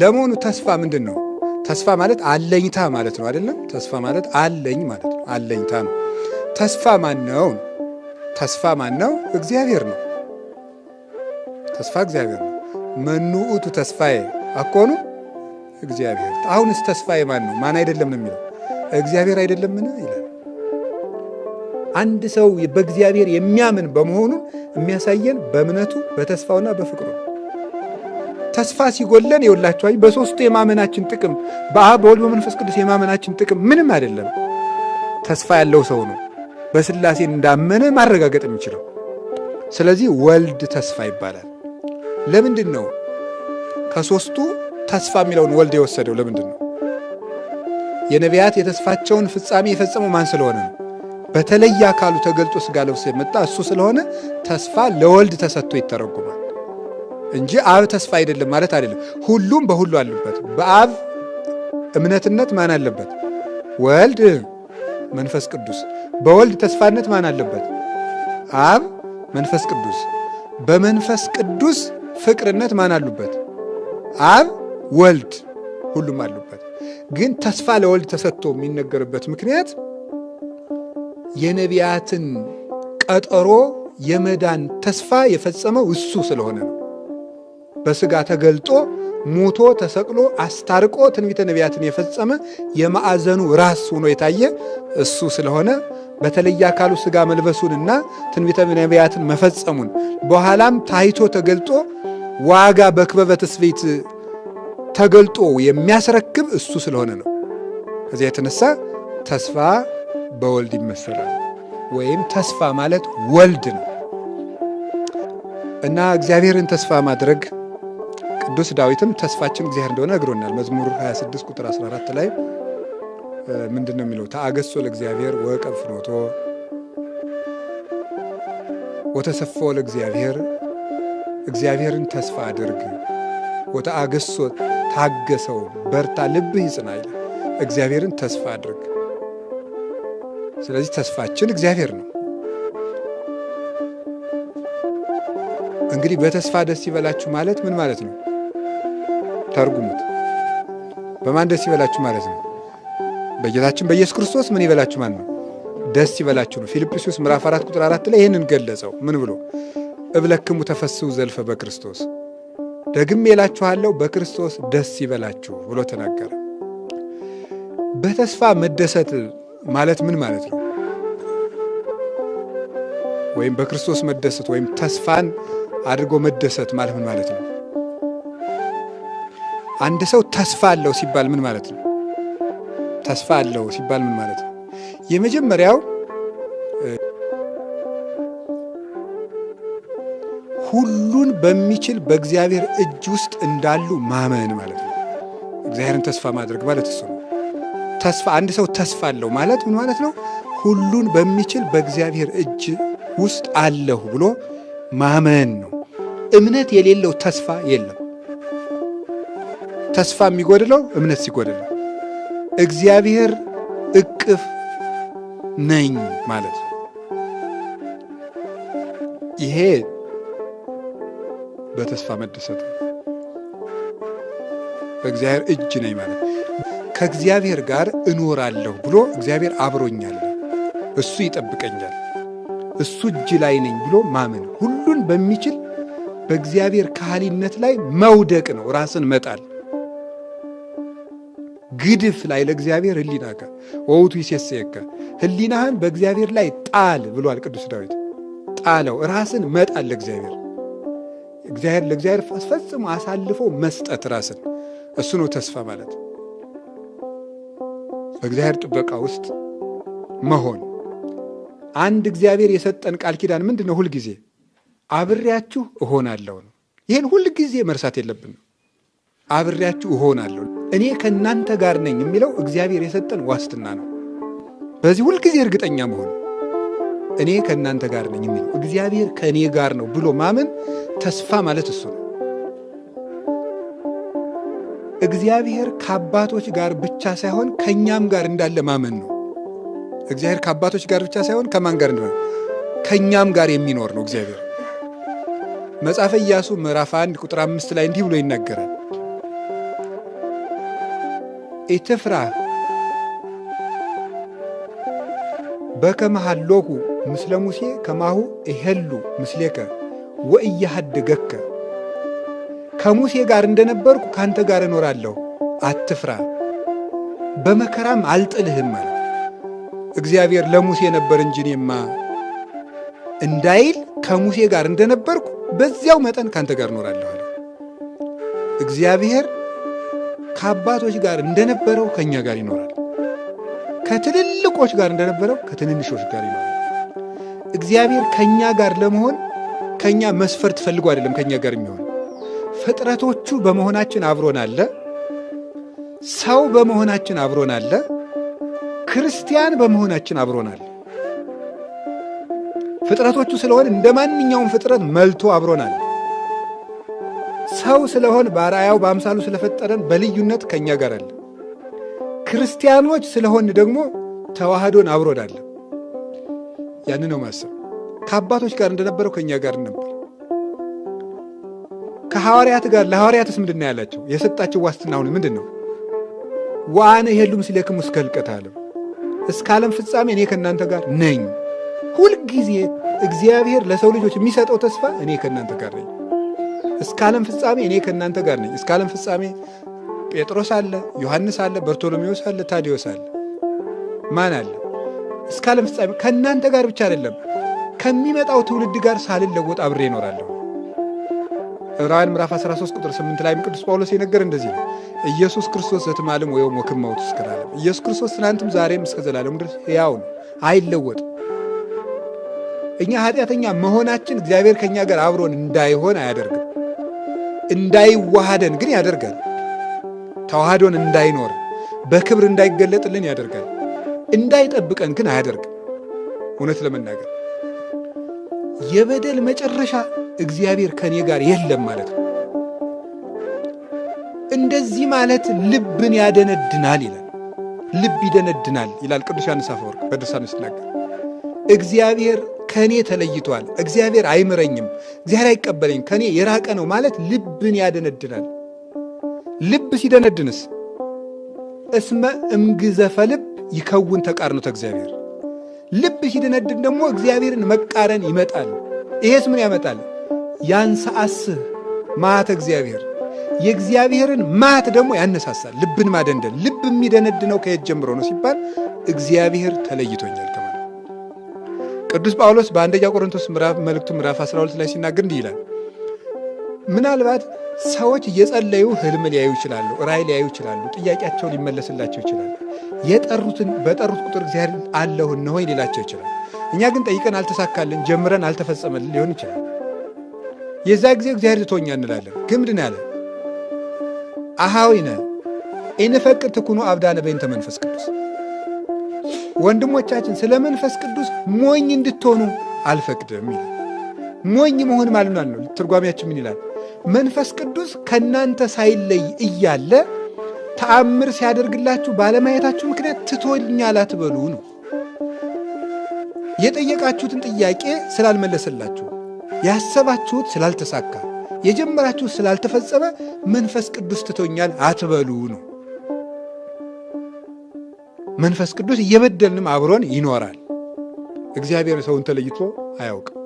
ለመሆኑ ተስፋ ምንድን ነው? ተስፋ ማለት አለኝታ ማለት ነው አይደለም? ተስፋ ማለት አለኝ ማለት ነው። አለኝታ ነው። ተስፋ ማን ነው? ተስፋ ማን ነው? እግዚአብሔር ነው። ተስፋ እግዚአብሔር ነው። መኑ ውእቱ ተስፋዬ አኮኑ እግዚአብሔር። አሁንስ ተስፋዬ ማን ነው? ማን አይደለም ነው የሚለው እግዚአብሔር አይደለምን ይላል። አንድ ሰው በእግዚአብሔር የሚያምን በመሆኑ የሚያሳየን በእምነቱ በተስፋውና በፍቅሩ ተስፋ ሲጎለን የውላቸው በሶስቱ የማመናችን ጥቅም በአብ በወልድ በመንፈስ ቅዱስ የማመናችን ጥቅም ምንም አይደለም። ተስፋ ያለው ሰው ነው በስላሴ እንዳመነ ማረጋገጥ የሚችለው። ስለዚህ ወልድ ተስፋ ይባላል። ለምንድን ነው ከሶስቱ ተስፋ የሚለውን ወልድ የወሰደው? ለምንድን ነው የነቢያት የተስፋቸውን ፍጻሜ የፈጸመው ማን ስለሆነ ነው? በተለየ አካሉ ተገልጦ ስጋ ለብሶ የመጣ እሱ ስለሆነ ተስፋ ለወልድ ተሰጥቶ ይተረጉማል። እንጂ አብ ተስፋ አይደለም ማለት አይደለም። ሁሉም በሁሉ አለበት። በአብ እምነትነት ማን አለበት? ወልድ መንፈስ ቅዱስ። በወልድ ተስፋነት ማን አለበት? አብ መንፈስ ቅዱስ። በመንፈስ ቅዱስ ፍቅርነት ማን አሉበት? አብ ወልድ፣ ሁሉም አሉበት። ግን ተስፋ ለወልድ ተሰጥቶ የሚነገርበት ምክንያት የነቢያትን ቀጠሮ የመዳን ተስፋ የፈጸመው እሱ ስለሆነ ነው። በስጋ ተገልጦ ሙቶ ተሰቅሎ አስታርቆ ትንቢተ ነቢያትን የፈጸመ የማዕዘኑ ራስ ሆኖ የታየ እሱ ስለሆነ በተለየ አካሉ ስጋ መልበሱንና ትንቢተ ነቢያትን መፈጸሙን በኋላም ታይቶ ተገልጦ ዋጋ በክበበ ትስብእት ተገልጦ የሚያስረክብ እሱ ስለሆነ ነው። ከዚያ የተነሳ ተስፋ በወልድ ይመሰላል ወይም ተስፋ ማለት ወልድ ነው እና እግዚአብሔርን ተስፋ ማድረግ ቅዱስ ዳዊትም ተስፋችን እግዚአብሔር እንደሆነ ነግሮናል። መዝሙር 26 ቁጥር 14 ላይ ምንድን ነው የሚለው? ተአገሶ ለእግዚአብሔር ወቀብ ፍኖቶ ወተሰፎ ለእግዚአብሔር እግዚአብሔርን ተስፋ አድርግ ወተአገሶ ታገሰው፣ በርታ፣ ልብህ ይጽና ይላል። እግዚአብሔርን ተስፋ አድርግ። ስለዚህ ተስፋችን እግዚአብሔር ነው። እንግዲህ በተስፋ ደስ ይበላችሁ ማለት ምን ማለት ነው? ተርጉሙት። በማን ደስ ይበላችሁ ማለት ነው? በጌታችን በኢየሱስ ክርስቶስ ምን ይበላችሁ ማለት ነው? ደስ ይበላችሁ ነው። ፊልጵስዩስ ምዕራፍ 4 ቁጥር 4 ላይ ይህንን ገለጸው። ምን ብሎ እብለክሙ ተፈስሑ ዘልፈ በክርስቶስ ደግም እላችኋለሁ በክርስቶስ ደስ ይበላችሁ ብሎ ተናገረ። በተስፋ መደሰት ማለት ምን ማለት ነው? ወይም በክርስቶስ መደሰት ወይም ተስፋን አድርጎ መደሰት ማለት ምን ማለት ነው? አንድ ሰው ተስፋ አለው ሲባል ምን ማለት ነው? ተስፋ አለው ሲባል ምን ማለት ነው? የመጀመሪያው ሁሉን በሚችል በእግዚአብሔር እጅ ውስጥ እንዳሉ ማመን ማለት ነው። እግዚአብሔርን ተስፋ ማድረግ ማለት እሱ ነው። ተስፋ አንድ ሰው ተስፋ አለው ማለት ምን ማለት ነው? ሁሉን በሚችል በእግዚአብሔር እጅ ውስጥ አለሁ ብሎ ማመን ነው። እምነት የሌለው ተስፋ የለም። ተስፋ የሚጎድለው እምነት ሲጎድል እግዚአብሔር እቅፍ ነኝ ማለት ነው። ይሄ በተስፋ መደሰት ነው። በእግዚአብሔር እጅ ነኝ ማለት ከእግዚአብሔር ጋር እኖራለሁ ብሎ እግዚአብሔር አብሮኛል፣ እሱ ይጠብቀኛል፣ እሱ እጅ ላይ ነኝ ብሎ ማመን ሁሉን በሚችል በእግዚአብሔር ካህሊነት ላይ መውደቅ ነው፣ ራስን መጣል ግድፍ ላይ ለእግዚአብሔር ህሊናከ ወውቱ ይሴሰየከ ህሊናህን በእግዚአብሔር ላይ ጣል ብሏል ቅዱስ ዳዊት። ጣለው፣ ራስን መጣል ለእግዚአብሔር እግዚአብሔር ለእግዚአብሔር አስፈጽሞ አሳልፎ መስጠት ራስን እሱ ነው ተስፋ ማለት በእግዚአብሔር ጥበቃ ውስጥ መሆን። አንድ እግዚአብሔር የሰጠን ቃል ኪዳን ምንድን ነው? ሁልጊዜ አብሬያችሁ እሆናለሁ ነው። ይህን ሁልጊዜ መርሳት የለብንም። አብሬያችሁ እሆናለሁ እኔ ከእናንተ ጋር ነኝ የሚለው እግዚአብሔር የሰጠን ዋስትና ነው። በዚህ ሁልጊዜ እርግጠኛ መሆን እኔ ከእናንተ ጋር ነኝ የሚለው እግዚአብሔር ከእኔ ጋር ነው ብሎ ማመን ተስፋ ማለት እሱ ነው። እግዚአብሔር ከአባቶች ጋር ብቻ ሳይሆን ከእኛም ጋር እንዳለ ማመን ነው። እግዚአብሔር ከአባቶች ጋር ብቻ ሳይሆን ከማን ጋር እንደሆነ ከእኛም ጋር የሚኖር ነው። እግዚአብሔር መጽሐፈ ኢያሱ ምዕራፍ 1 ቁጥር 5 ላይ እንዲህ ብሎ ይናገራል። ኢትፍራህ በከመሃሎኩ ምስለ ሙሴ ከማሁ እሄሉ ምስሌከ ወእያሃድገከ ከሙሴ ጋር እንደነበርኩ ካንተ ጋር እኖራለሁ፣ አትፍራ፣ በመከራም አልጥልህም ማለት እግዚአብሔር ለሙሴ ነበር እንጂ እኔማ እንዳይል ከሙሴ ጋር እንደነበርኩ በዚያው መጠን ካንተ ጋር እኖራለሁ። እግዚአብሔር ከአባቶች ጋር እንደነበረው ከእኛ ጋር ይኖራል። ከትልልቆች ጋር እንደነበረው ከትንንሾች ጋር ይኖራል። እግዚአብሔር ከእኛ ጋር ለመሆን ከእኛ መስፈርት ፈልጎ አይደለም። ከእኛ ጋር የሚሆን ፍጥረቶቹ በመሆናችን አብሮን አለ። ሰው በመሆናችን አብሮን አለ። ክርስቲያን በመሆናችን አብሮን አለ። ፍጥረቶቹ ስለሆን እንደ ማንኛውም ፍጥረት መልቶ አብሮን አለ። ሰው ስለሆን በአርአያው በአምሳሉ ስለፈጠረን በልዩነት ከእኛ ጋር አለ። ክርስቲያኖች ስለሆን ደግሞ ተዋህዶን አብሮዳለ። ያን ነው ማሰብ። ከአባቶች ጋር እንደነበረው ከእኛ ጋር ነበር። ከሐዋርያት ጋር ለሐዋርያትስ ምንድን ነው ያላቸው? የሰጣቸው ዋስትና አሁን ምንድን ነው? ወአነ የሉም ሲለክሙ እስከ ሕልቀተ ዓለም፣ እስከ ዓለም ፍጻሜ እኔ ከእናንተ ጋር ነኝ። ሁልጊዜ እግዚአብሔር ለሰው ልጆች የሚሰጠው ተስፋ እኔ ከእናንተ ጋር ነኝ። እስከ ዓለም ፍጻሜ እኔ ከእናንተ ጋር ነኝ። እስከ ዓለም ፍጻሜ ጴጥሮስ አለ፣ ዮሐንስ አለ፣ በርቶሎሜዎስ አለ፣ ታዲዮስ አለ። ማን አለ? እስከ ዓለም ፍጻሜ ከእናንተ ጋር ብቻ አይደለም ከሚመጣው ትውልድ ጋር ሳልለወጥ አብሬ እኖራለሁ። ዕብራውያን ምዕራፍ 13 ቁጥር 8 ላይም ቅዱስ ጳውሎስ የነገር እንደዚህ ነው። ኢየሱስ ክርስቶስ ዘትማልም ወይም ወክማውት እስከ ዘላለም ኢየሱስ ክርስቶስ ትናንትም ዛሬም እስከ ዘላለም ድረስ ሕያው ነው፣ አይለወጥም። እኛ ኃጢአተኛ መሆናችን እግዚአብሔር ከእኛ ጋር አብሮን እንዳይሆን አያደርግም። እንዳይዋሃደን ግን ያደርጋል። ተዋህዶን እንዳይኖር በክብር እንዳይገለጥልን ያደርጋል። እንዳይጠብቀን ግን አያደርግም። እውነት ለመናገር የበደል መጨረሻ እግዚአብሔር ከኔ ጋር የለም ማለት ነው። እንደዚህ ማለት ልብን ያደነድናል ይላል። ልብ ይደነድናል ይላል ቅዱስ ዮሐንስ አፈወርቅ በድርሳኑ ሲናገር እግዚአብሔር ከእኔ ተለይቷል፣ እግዚአብሔር አይምረኝም፣ እግዚአብሔር አይቀበለኝም፣ ከእኔ የራቀ ነው ማለት ልብን ያደነድናል። ልብ ሲደነድንስ እስመ እምግዘፈ ልብ ይከውን ተቃርኖተ እግዚአብሔር። ልብ ሲደነድን ደግሞ እግዚአብሔርን መቃረን ይመጣል። ይሄስ ምን ያመጣል? ያንሰአስህ ማት እግዚአብሔር የእግዚአብሔርን ማት ደግሞ ያነሳሳል። ልብን ማደንደን ልብ የሚደነድነው ከየት ጀምሮ ነው ሲባል እግዚአብሔር ተለይቶኛል ቅዱስ ጳውሎስ በአንደኛ ቆሮንቶስ መልእክቱ ምዕራፍ 12 ላይ ሲናገር እንዲህ ይላል፣ ምናልባት ሰዎች እየጸለዩ ህልም ሊያዩ ይችላሉ፣ ራእይ ሊያዩ ይችላሉ፣ ጥያቄያቸው ሊመለስላቸው ይችላል። የጠሩትን በጠሩት ቁጥር እግዚአብሔር አለሁ እነሆ ሊላቸው ይችላል። እኛ ግን ጠይቀን አልተሳካልን፣ ጀምረን አልተፈጸመልን ሊሆን ይችላል። የዛ ጊዜ እግዚአብሔር ትቶኛ እንላለን። ግምድን ያለ አሃዊነ ኢንፈቅድ ትኩኑ አብዳነ በእንተ መንፈስ ቅዱስ ወንድሞቻችን ስለ መንፈስ ቅዱስ ሞኝ እንድትሆኑ አልፈቅድም ይላል። ሞኝ መሆን ማለት ነው። ትርጓሚያችን ምን ይላል? መንፈስ ቅዱስ ከእናንተ ሳይለይ እያለ ተአምር ሲያደርግላችሁ ባለማየታችሁ ምክንያት ትቶኛል አትበሉ ነው። የጠየቃችሁትን ጥያቄ ስላልመለሰላችሁ፣ ያሰባችሁት ስላልተሳካ፣ የጀመራችሁት ስላልተፈጸመ መንፈስ ቅዱስ ትቶኛል አትበሉ ነው። መንፈስ ቅዱስ እየበደልንም አብሮን ይኖራል። እግዚአብሔር ሰውን ተለይቶ አያውቅም።